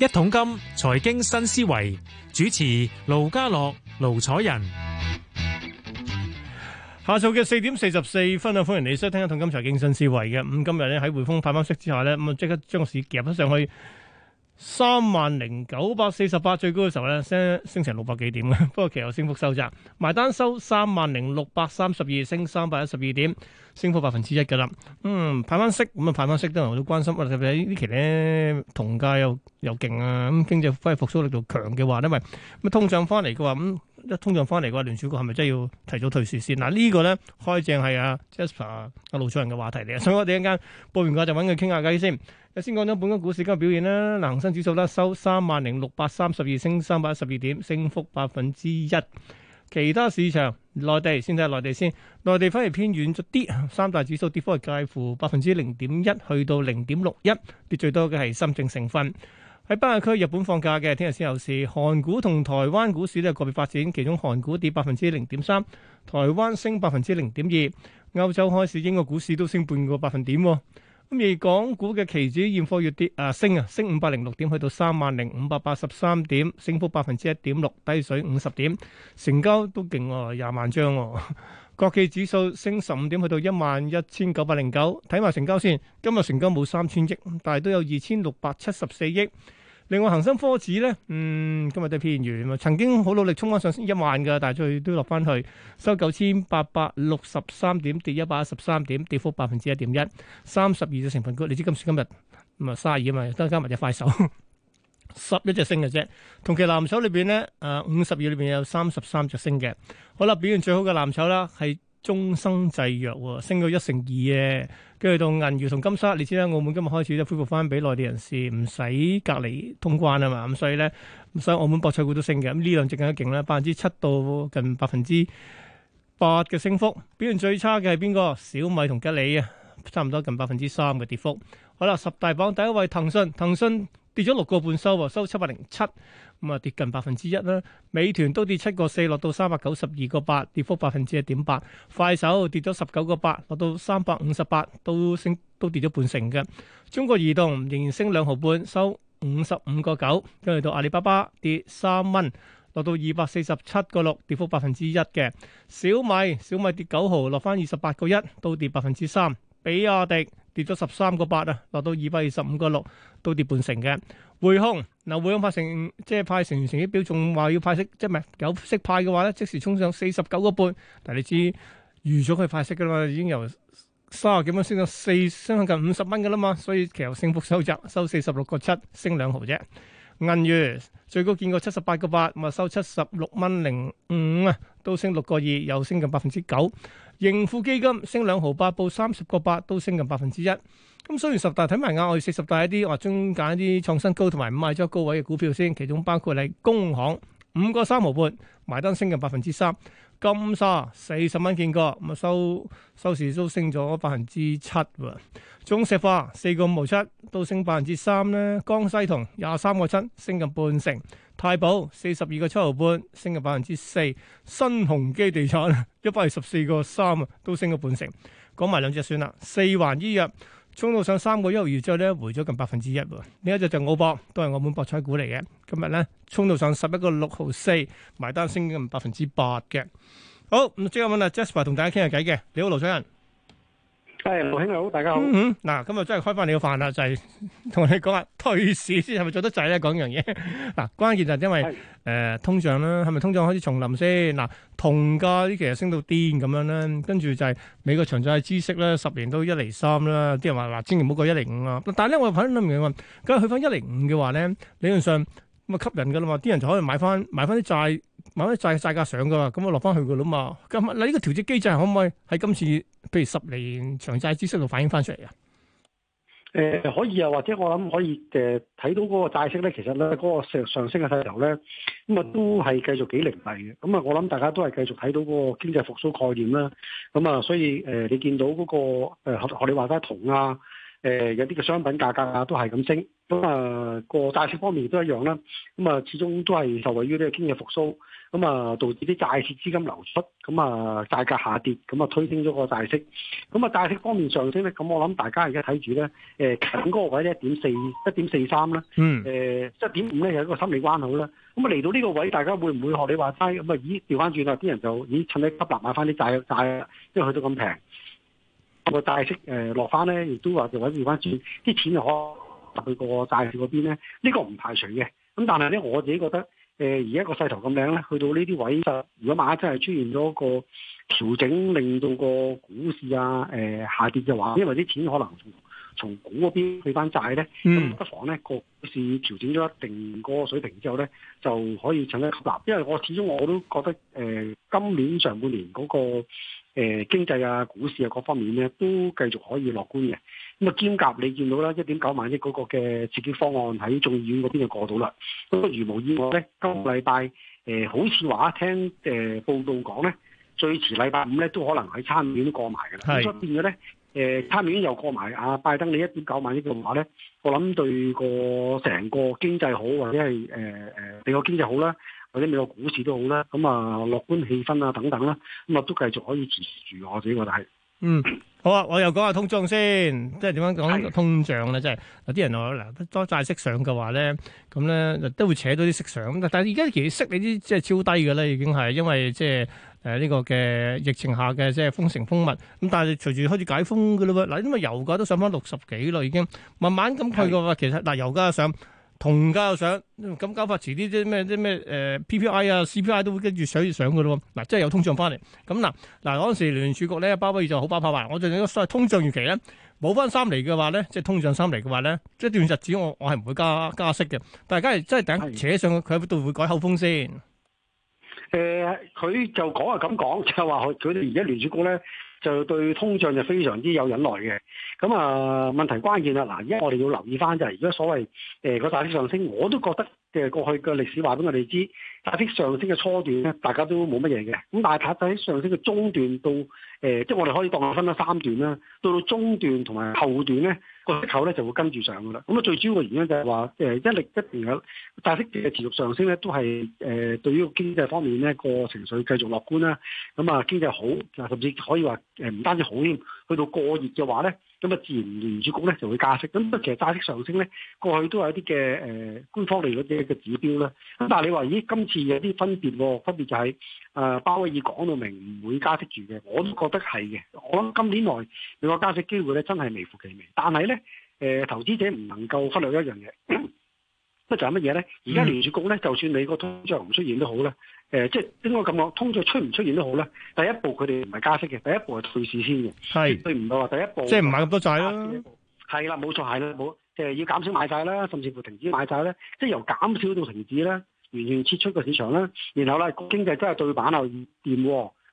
一桶金財經新思維主持盧家樂、盧楚仁，下晝嘅四點四十四分啊，歡迎你收聽一桶金財經新思維嘅。咁今日咧喺匯豐派翻息之下咧，咁啊即刻將個市夾咗上去。三萬零九百四十八，最高嘅時候咧，升升成六百幾點嘅，不過其實有升幅收窄，埋單收三萬零六百三十二，升三百一十二點，升幅百分之一嘅啦。嗯，派翻息，咁啊派翻息都係我好關心。喂、啊，特別呢期咧，同價又又勁啊，咁經濟恢復甦力度強嘅話，因為咁通脹翻嚟嘅話咁。嗯一通脹翻嚟嘅話，聯儲局係咪真係要提早退市先？嗱、啊這個、呢個咧，開正係阿、啊、Jasper 阿、啊、盧楚仁嘅話題嚟，所以我哋一間報完價就揾佢傾下偈先。先講咗本港股市今日表現啦，恒生指數咧收三萬零六百三十二，升三百一十二點，升幅百分之一。其他市場，內地先睇下內地先，內地反而偏軟咗啲，三大指數跌幅介乎百分之零點一去到零點六一，跌最多嘅係深證成分。喺北亞區，日本放假嘅聽日先有市，韓股同台灣股市都係個別發展，其中韓股跌百分之零點三，台灣升百分之零點二。歐洲開市英國股市都升半個百分點、哦。咁而港股嘅期指現貨月跌啊升啊升五百零六點，去到三萬零五百八十三點，升幅百分之一點六，低水五十點，成交都勁喎、哦，廿萬張、哦。 國企指數升十五點，去到一萬一千九百零九。睇埋成交先，今日成交冇三千億，但係都有二千六百七十四億。另外恒生科指咧，嗯，今日都偏軟啊。曾經好努力衝翻上升一萬㗎，但係最都落翻去收九千八百六十三點，跌一百一十三點，跌幅百分之一點一。三十二隻成分股，你知今時今日唔係卅二啊嘛，都加埋隻快手， 十一隻升嘅啫。同期藍籌裏邊咧，誒，五十二裏邊有三十三隻升嘅。好啦，表現最好嘅藍籌啦，係中生製藥喎，升到一成二嘅。跟住到銀娛同金沙，你知啦，澳門今日開始都恢復翻俾內地人士唔使隔離通關啊嘛，咁所以咧，所以澳門博彩股都升嘅，咁呢兩隻更加勁啦，百分之七到近百分之八嘅升幅。表現最差嘅係邊個？小米同吉利啊，差唔多近百分之三嘅跌幅。好啦，十大榜第一位騰訊，騰訊。跌咗六個半收喎，收七百零七，咁啊跌近百分之一啦。美團都跌七個四，落到三百九十二個八，跌幅百分之一點八。快手跌咗十九個八，落到三百五十八，都升都跌咗半成嘅。中國移動仍然升兩毫半，收五十五個九。跟住到阿里巴巴跌三蚊，落到二百四十七個六，跌幅百分之一嘅。小米，小米跌九毫，落返二十八個一，都跌百分之三。比亞迪。跌咗十三個八啊，落到二百二十五個六，都跌半成嘅。匯控嗱，匯控派成即係派成員成績表，仲話要派息，即係唔係有息派嘅話咧，即時衝上四十九個半。但係你知預咗佢派息噶啦嘛，已經由三十幾蚊升到四十，升到近五十蚊噶啦嘛，所以其實升幅收窄，收四十六個七，升兩毫啫。銀娛最高見過七十八個八，咪收七十六蚊零五啊，都升六個二，又升近百分之九。盈富基金升兩毫八，報三十個八，都升近百分之一。咁、嗯、雖然十大睇埋額外四十大一啲，我話中揀一啲創新高同埋賣咗高位嘅股票先，其中包括你工行五個三毫半，埋單升近百分之三。金沙四十蚊見過，咁啊收收市都升咗百分之七喎。中石化四個五毫七都升百分之三啦。江西銅廿三個七，升近半成。太保四十二個七毫半，升近百分之四。新鴻基地產一百二十四個三啊，都升咗半成。講埋兩隻算啦，四環醫藥。衝到上三個一毫二之後咧，回咗近百分之一。呢一隻就澳博，都係澳門博彩股嚟嘅。今日咧衝到上十一個六毫四，埋單升近百分之八嘅。好，咁最後問啊 Jasper 同大家傾下偈嘅。你好，盧楚仁。係，盧兄好，大家好。嗱，今日真係開翻你個飯啦，就係同你講下退市先係咪做得滯咧？講樣嘢，嗱，關鍵就係因為誒通脹啦，係咪通脹開始重臨先？嗱，銅價啲其實升到癲咁樣咧，跟住就係美國長債孳息咧，十年都一厘三啦，啲人話嗱，千祈唔好過一厘五啦。但係咧，我又喺諗緊，咁去翻一厘五嘅話咧，理論上咁啊吸引噶啦嘛，啲人就可以買翻買翻啲債。某啲債債價上噶，咁我落翻去噶啦嘛。咁你呢個調節機制可唔可以喺今次譬如十年長債孳息度反映翻出嚟啊？誒、呃，可以啊，或者我諗可以誒，睇、呃、到嗰個債息咧，其實咧嗰、那個上升嘅勢頭咧，咁啊都係繼續幾凌厲嘅。咁、嗯、啊，我諗大家都係繼續睇到嗰個經濟復甦概念啦。咁、嗯、啊，所以誒、呃，你見到嗰、那個誒學學你話齋銅啊。誒、呃、有啲嘅商品價格啊都係咁升，咁、嗯、啊個債息方面都一樣啦。咁、嗯、啊始終都係受惠於呢個經濟復甦，咁、嗯、啊導致啲債市資金流出，咁、嗯、啊債價下跌，咁、嗯、啊推升咗個債息。咁、嗯、啊、嗯、債息方面上升咧，咁我諗大家而家睇住咧，誒近高位咧一點四一點四三啦，嗯，誒一、呃、點五咧、呃、有一個心理關口啦。咁啊嚟到呢個位，大家會唔會學你話齋？咁、嗯、啊咦調翻轉啦，啲人就咦趁啲急落吸納買翻啲債債啦，因為佢都咁平。個債息誒、呃、落翻咧，亦都話就揾住翻轉啲錢就可入去個債市嗰邊咧，邊回回呢個唔排除嘅。咁 但係咧，我自己覺得誒，而、呃、家個勢頭咁靚咧，去到呢啲位，如果萬一真係出現咗個調整，令到個股市啊誒、呃、下跌嘅話，因為啲錢可能從股嗰邊去翻債咧，不妨咧個股市調整咗一定嗰個水平之後咧，就可以趁低吸納。因為我始終我都覺得誒、呃，今年上半年嗰、那個。誒經濟啊、股市啊各方面咧，都繼續可以樂觀嘅。咁啊，兼夾你見到啦，一點九萬億嗰個嘅刺激方案喺眾議院嗰邊就過到啦。不啊，如無意外咧，嗯、今個禮拜誒好似話聽誒、呃、報道講咧，最遲禮拜五咧都可能喺參議院過埋㗎啦。咁變嘅咧，誒參議院又過埋啊拜登你一點九萬億嘅話咧，我諗對個成個經濟好或者係誒誒地個經濟好啦。啲美國股市都好啦，咁啊樂觀氣氛啊等等啦，咁啊都繼續可以持住，我自己覺得係。嗯，好啊，我又講下通脹先，即係點樣講通脹咧？是的 即係有啲人話嗱，多債息上嘅話咧，咁咧都會扯到啲息上。但係而家其實息你啲即係超低嘅咧，已經係因為即係誒呢個嘅疫情下嘅即係封城封密。咁但係隨住開始解封嘅啦噃，嗱因為油價都上返六十幾啦，已經慢慢咁去嘅話，其實嗱、呃、油價上。同價又上，咁交發遲啲啲咩啲咩誒 PPI 啊 CPI 都會跟住上越上嘅咯喎，嗱即係有通脹翻嚟。咁嗱嗱嗰陣時聯儲局咧，巴閉預就好巴閉埋，我仲有個通脹預期咧，冇翻三厘嘅話咧，即係通脹三厘嘅話咧，一段日子我我係唔會加加息嘅，但係假如真係突然扯上去，佢，喺度會改口風先。誒佢，呃、就講係咁講，就話佢佢哋而家聯儲局咧就對通脹就非常之有忍耐嘅。咁啊，呃、問題關鍵啦，嗱，而家我哋要留意翻就係而家所謂誒個，呃、大息上升，我都覺得。即係過去嘅歷史話俾我哋知，大市上升嘅初段咧，大家都冇乜嘢嘅。咁但係睇喺上升嘅中段到誒，即、呃、係、就是、我哋可以當分咗三段啦。到到中段同埋後段咧，個結構咧就會跟住上噶啦。咁啊，最主要嘅原因就係話誒一力一邊有大市嘅持續上升咧，都係誒、呃、對於經濟方面咧個情緒繼續樂觀啦。咁啊，經濟好，甚至可以話誒唔單止好添，去到過熱嘅話咧。咁啊，自然聯儲局咧就會加息。咁不過其實債息上升咧，過去都有一啲嘅誒官方利率嘅指標啦。咁但係你話咦，今次有啲分別喎，分別就係、是、誒、呃、鮑威爾講到明唔會加息住嘅，我都覺得係嘅。我諗今年內如果加息機會咧，真係微乎其微。但係咧，誒、呃、投資者唔能夠忽略一樣嘢。 乜就係乜嘢咧？而家聯儲局咧，就算你個通脹唔出現都好啦。誒、嗯呃，即、就、係、是、應該咁講，通脹出唔出現都好啦。第一步佢哋唔係加息嘅，第一步係退市先嘅，絕對唔係話第一步。即係唔買咁多債啦。係啦，冇錯，係啦，冇，即係要減少買債啦，甚至乎停止買債咧，即係由減少到停止咧，完全撤出個市場啦。然後咧，經濟真係對板又跌喎，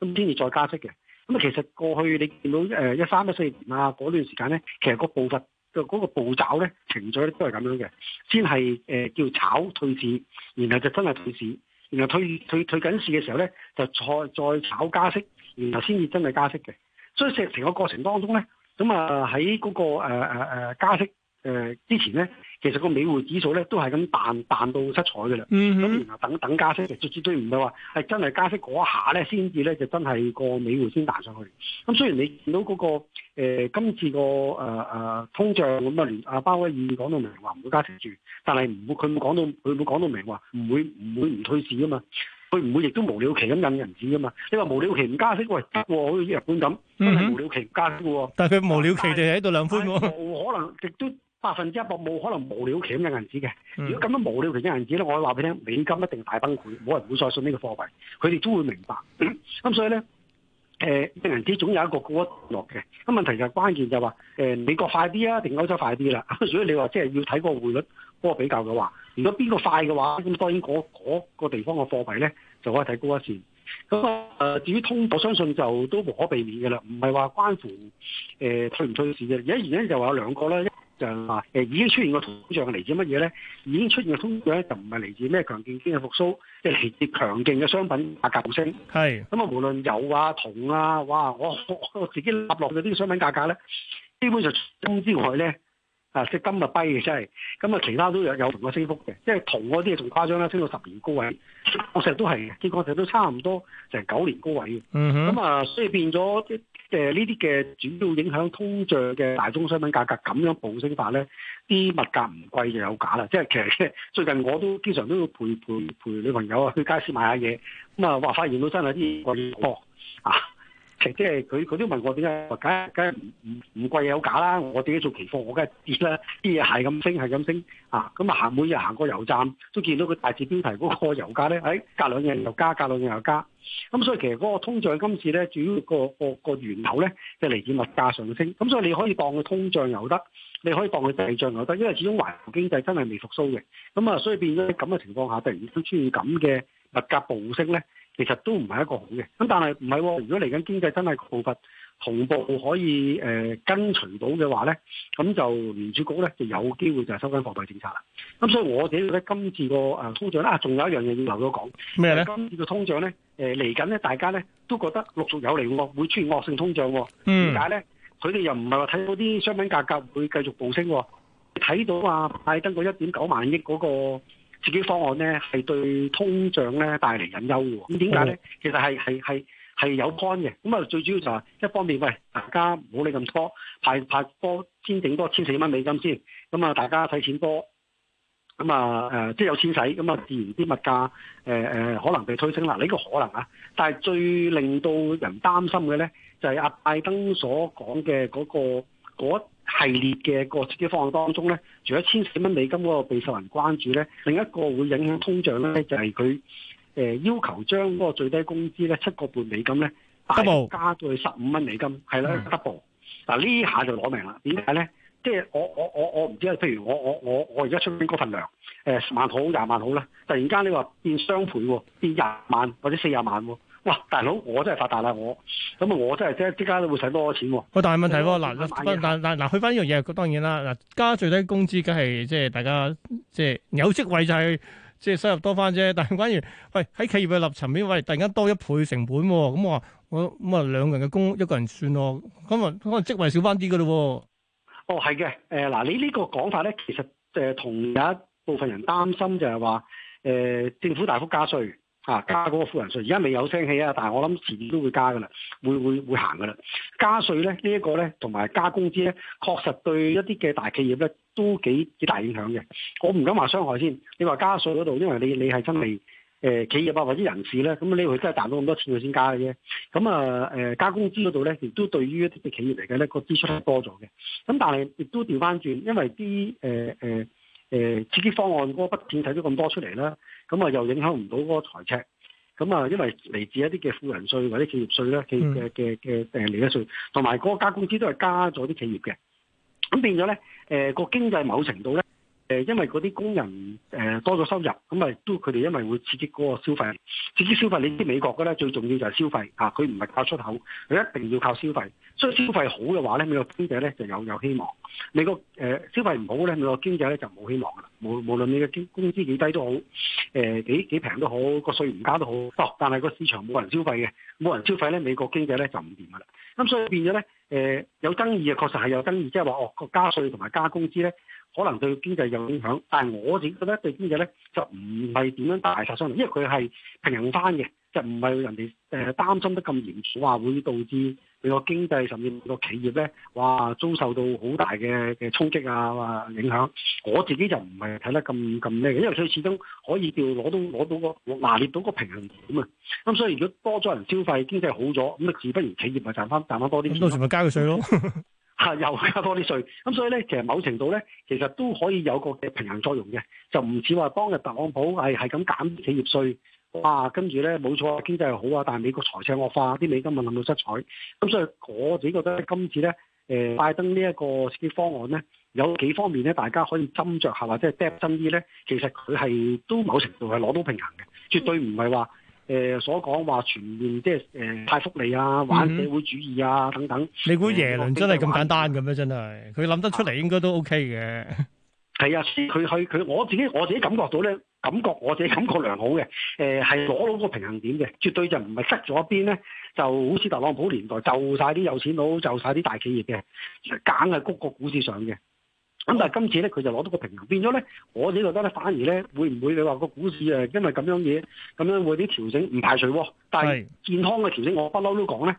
咁先至再加息嘅。咁啊，其實過去你見到誒一三一四年啊嗰段時間咧，其實個步伐。就個步驟咧，程序咧都係咁樣嘅，先係誒、呃、叫炒退市，然後就真係退市，然後退退退緊市嘅時候咧，就再再炒加息，然後先至真係加息嘅，所以成個過程當中咧，咁啊喺嗰個誒誒、呃、加息。誒、呃，之前咧，其實個美匯指數咧都係咁彈彈到七彩嘅啦。咁、嗯、哼然後等等加息，就絕對唔係話係真係加息嗰一下咧，先至咧就真係個美匯先彈上去。咁、嗯、雖然你見到嗰、那個誒、呃，今次個誒誒通脹咁啊，連阿鮑威爾講到明話唔會加息住，但係唔會佢冇講到佢冇講到明話唔會唔會唔退市噶嘛？佢唔會亦都無了期咁印人紙噶嘛？你話無了期唔加息喂得，好似日本咁，真係無了期唔加息喎。嗯、哼但係佢無了期就喺度兩番冇可能，亦都。百分之一百冇可能無了期咁嘅銀紙嘅。如果咁樣無了期嘅銀紙咧，我話俾你聽，美金一定大崩潰，冇人會再信呢個貨幣。佢哋都會明白咁， 所以咧誒、呃，銀紙總有一個高一落嘅。咁問題就關鍵就話、是、誒、呃，美國快啲啊，定歐洲快啲啦？ 所以你話即係要睇個匯率嗰個比較嘅話，如果邊個快嘅話，咁當然嗰、那個那個地方嘅貨幣咧就可以睇高一線。咁、嗯、啊、呃、至於通，我相信就都無可避免嘅啦，唔係話關乎誒退唔退市嘅。而一原因就話兩個啦。就話已經出現個通脹嚟自乜嘢咧？已經出現嘅通脹咧，就唔係嚟自咩強勁經濟復甦，即係嚟自強勁嘅商品價格升。係咁啊，無論油啊、銅啊，哇！我我自己落落嘅啲商品價格咧，基本上金之外咧，啊隻金咪低嘅真係，咁啊，其他都有有同個升幅嘅，即係銅嗰啲嘢仲誇張啦，升到十年高位。我成日都係嘅，結果成日都差唔多成九年高位嘅。咁啊、嗯哼嗯，所以變咗誒呢啲嘅主要影響通脹嘅大宗商品價格咁樣暴升法咧，啲物價唔貴就有假啦。即係其實最近我都經常都要陪陪陪，陪女朋友啊去街市買下嘢，咁啊哇發現到真係啲嘢貴多啊！即係佢，佢都問我點解？話梗梗係唔唔唔貴有假啦！我自己做期貨，我梗係跌啦。啲嘢係咁升，係咁升啊！咁啊，行每日行過油站，都見到佢大字標題嗰個油價咧，喺、哎、隔兩日又加，隔兩日又加。咁所以其實嗰個通脹今次咧，主要、嗰個、嗰個源頭咧，即係嚟自物價上升。咁所以你可以當佢通脹又得，你可以當佢滯脹又得，因為始終環球經濟真係未復甦嘅。咁啊，所以變咗咁嘅情況下，突然之間出現咁嘅物價暴升咧。其實都唔係一個好嘅，咁但係唔係喎，如果嚟緊經濟真係步伐同步，可以誒、呃、跟隨到嘅話咧，咁就聯儲局咧就有機會就係收緊貨幣政策啦。咁所以我自己咧今次個誒、呃、通脹啊，仲有一樣嘢要留咗講咩咧？今次嘅通脹咧，誒嚟緊咧，大家咧都覺得陸續有嚟喎，會出現惡性通脹喎。點解咧？佢哋又唔係話睇到啲商品價格會繼續暴升喎？睇到啊拜登嗰一點九萬億嗰、嗰個。自己方案呢係對通脹呢帶嚟隱憂嘅，咁點解呢？其實係係係係有 point 嘅，咁啊最主要就係、是、一方面，喂大家唔好理咁多，派派多先整多千四蚊美金先，咁啊大家使錢多，咁啊誒即係有錢使，咁、嗯、啊自然啲物價誒誒、呃、可能被推升啦，呢個可能啊，但係最令到人擔心嘅呢，就係、是、阿拜登所講嘅嗰個。嗰系列嘅個刺激方案當中咧，除咗千四蚊美金嗰個備受人關注咧，另一個會影響通脹咧，就係佢誒要求將嗰個最低工資咧七個半美金咧加到去十五蚊美金，係啦，double。嗱，呢下就攞命啦，點解咧？即係我我我我唔知啊。譬如我我我我而家出邊嗰份糧，誒、呃、十萬好廿萬好啦，突然間你話變雙倍喎，變廿萬或者四十萬喎。哇！大佬，我真係發達啦！我咁啊，我真係即係即刻會使多咗錢喎。但係問題嗱，嗱嗱去翻呢樣嘢，當然啦。嗱，加最低工資梗係即係大家即係有職位就係、是、即係收入多翻啫。但係關於喂喺企業嘅立層面，喂、哎、突然間多一倍成本，咁我話我咁啊兩個人嘅工一個人算咯。咁啊可能職位少翻啲㗎咯。哦，係嘅。誒、呃、嗱，你呢個講法咧，其實誒、呃、同有一部分人擔心就係話誒政府大幅加稅。啊！加嗰個富人稅，而家未有聲氣啊，但係我諗遲啲都會加噶啦，會會會行噶啦。加稅咧，這個、呢一個咧，同埋加工資咧，確實對一啲嘅大企業咧，都幾幾大影響嘅。我唔敢話傷害先。你話加稅嗰度，因為你你係真係誒、呃、企業啊，或者人士咧，咁你會真係賺到咁多錢佢先加嘅啫。咁啊誒加工資嗰度咧，亦都對於一啲嘅企業嚟嘅咧，個支出多咗嘅。咁但係亦都調翻轉，因為啲誒誒。呃呃誒、呃、刺激方案嗰筆錢睇咗咁多出嚟啦，咁啊又影響唔到嗰個財赤，咁啊因為嚟自一啲嘅富人稅或者企業稅咧，企業嘅嘅嘅嘅誒利益稅同埋嗰個加工資都係加咗啲企業嘅，咁變咗咧誒個經濟某程度咧。誒，因為嗰啲工人誒、呃、多咗收入，咁咪都佢哋因為會刺激嗰個消費，刺激消費。你知美國嘅咧，最重要就係消費嚇，佢唔係靠出口，佢一定要靠消費。所以消費好嘅話咧，美國經濟咧就有有希望。美國誒、呃、消費唔好咧，美國經濟咧就冇希望噶啦。無無論你嘅工工資幾低都好，誒幾幾平都好，個稅唔加都好。哦，但係個市場冇人消費嘅，冇人消費咧，美國經濟咧就唔掂噶啦。咁所以變咗咧，誒、呃、有爭議啊，確實係有爭議，即係話哦個加稅同埋加工資咧。可能對經濟有影響，但係我自己覺得對經濟咧就唔係點樣大殺傷力，因為佢係平衡翻嘅，就唔係人哋誒擔心得咁嚴重，話會導致個經濟上面個企業咧哇遭受到好大嘅嘅衝擊啊影響。我自己就唔係睇得咁咁咩嘅，因為佢始終可以叫攞到攞到個拿捏到個平衡點啊。咁、嗯、所以如果多咗人消費，經濟好咗，咁、嗯、啊自不然企業咪賺翻賺翻多啲錢。到時咪交嘅稅咯。 又加多啲稅，咁所以咧，其實某程度咧，其實都可以有個嘅平衡作用嘅，就唔似話當日特朗普係係咁減企業稅，哇、啊，跟住咧冇錯，經濟又好啊，但係美國財政惡化，啲美金又冧到七彩，咁所以我自己覺得今次咧，誒、呃、拜登呢一個方案咧，有幾方面咧，大家可以斟酌下或者 Depth 爭啲咧，其實佢係都某程度係攞到平衡嘅，絕對唔係話。誒、呃、所講話全面即係誒派福利啊，玩社會主義啊等等。嗯嗯、你估耶倫真係咁簡單嘅咩？真係佢諗得出嚟應該都 OK 嘅。係啊，佢去佢我自己我自己感覺到咧，感覺我自己感覺良好嘅。誒係攞到個平衡點嘅，絕對就唔係塞咗一邊咧。就好似特朗普年代，就晒啲有錢佬，就晒啲大企業嘅，梗係谷個股市上嘅。咁、嗯、但係今次咧，佢就攞到個平衡，變咗咧，我自己覺得咧，反而咧，會唔會你話個股市誒，因為咁樣嘢，咁樣會啲調整，唔排除喎、哦，但係健康嘅調整，我不嬲都講咧。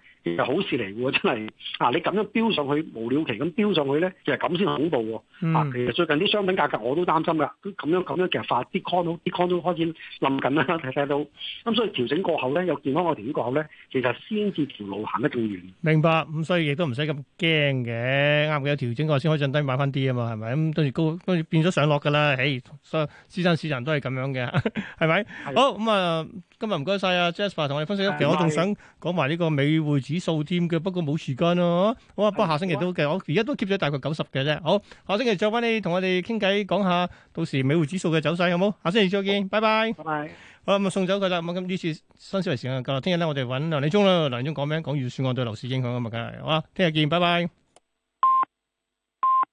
好事嚟喎，真係嗱，啊，你咁樣飆上去，無了期咁飆上去咧，就係咁先恐怖喎。啊，其實最近啲商品價格我都擔心啦，咁樣咁樣其實發啲啲 condo 開始冧緊啦，睇睇到。咁所以調整過後咧，有健康個條件過後咧，其實先至條路行得更遠。明白。咁所以亦都唔使咁驚嘅，啱佢有調整過先可以降低買翻啲啊嘛，係咪？咁跟住高，到時變咗上落㗎啦。誒，所以資產市場都係咁樣嘅，係咪？好咁啊，今日唔該晒啊，Jasper 同我哋分析。其實我仲想講埋呢個美匯指數添嘅，不過冇時間咯、啊。好啊，不過下星期都嘅，的我而家都 keep 住大概九十嘅啫。好，下星期再翻你同我哋傾偈講下到時美匯指數嘅走勢，好冇？下星期再見，嗯、拜拜。拜拜。好，咁送走佢啦。咁今次新思維時間夠啦。聽日咧，我哋揾梁李忠啦。梁李忠講咩？講預算案對樓市影響咁嘛，梗係好啊，聽日見，拜拜。